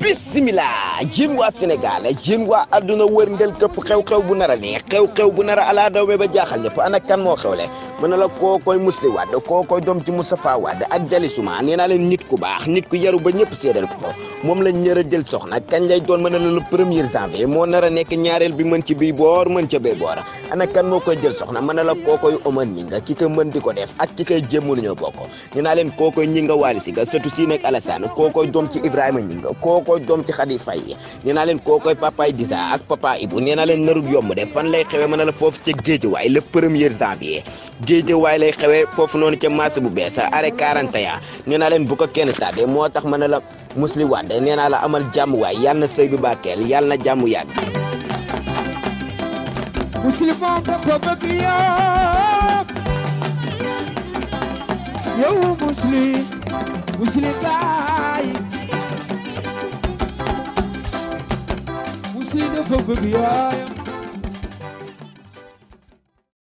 bismillah ah yéen waa Sénégal yéen waa àdduna wërngël këpp xew-xew bu nar a neex xew-xew bu nar a alaa daw ba jaaxal ñëpp ana kan moo xewle mën na la kookoy Mously Wade kookoy doom ci Moustapha Wade ak Jali Suma nee naa leen nit ku baax nit ku yaru ba ñëpp seedal ko moom lañ ñër a jël soxna kañ lay doon mën na la le premier janvier moo nar a nekk ñaareel bi mën ci bii boor mën ca bee boor kan moo koy jël soxna mën a la kookoy Omar Ñinga ki ko mën di ko def a ki koy jémmalu ñoo bokk naa leen kookoy Ñinga Waali si ga sëtu si nekk Alassane kookoy doom ci Ibrahima Ñinga kookoy doom ci Khady Faye yi nee leen kookoy papa Idisa ak papa Ibou nee naa leen narul yomb de fan lay xewee mën a la foofu ca Géejawaay le premier janvier waay lay xewe foofu noonu ca marché bu bees arrêt 41 nee naa leen bu ko kenn tàddee moo tax mën la musli wànde nee naa la amal jàmm waay yàlla na sëy bi bàkkeel yàlla na jàmm yàgg. musulman dafa bëgg yow yow muslim muslim si dafa bëgg yaayam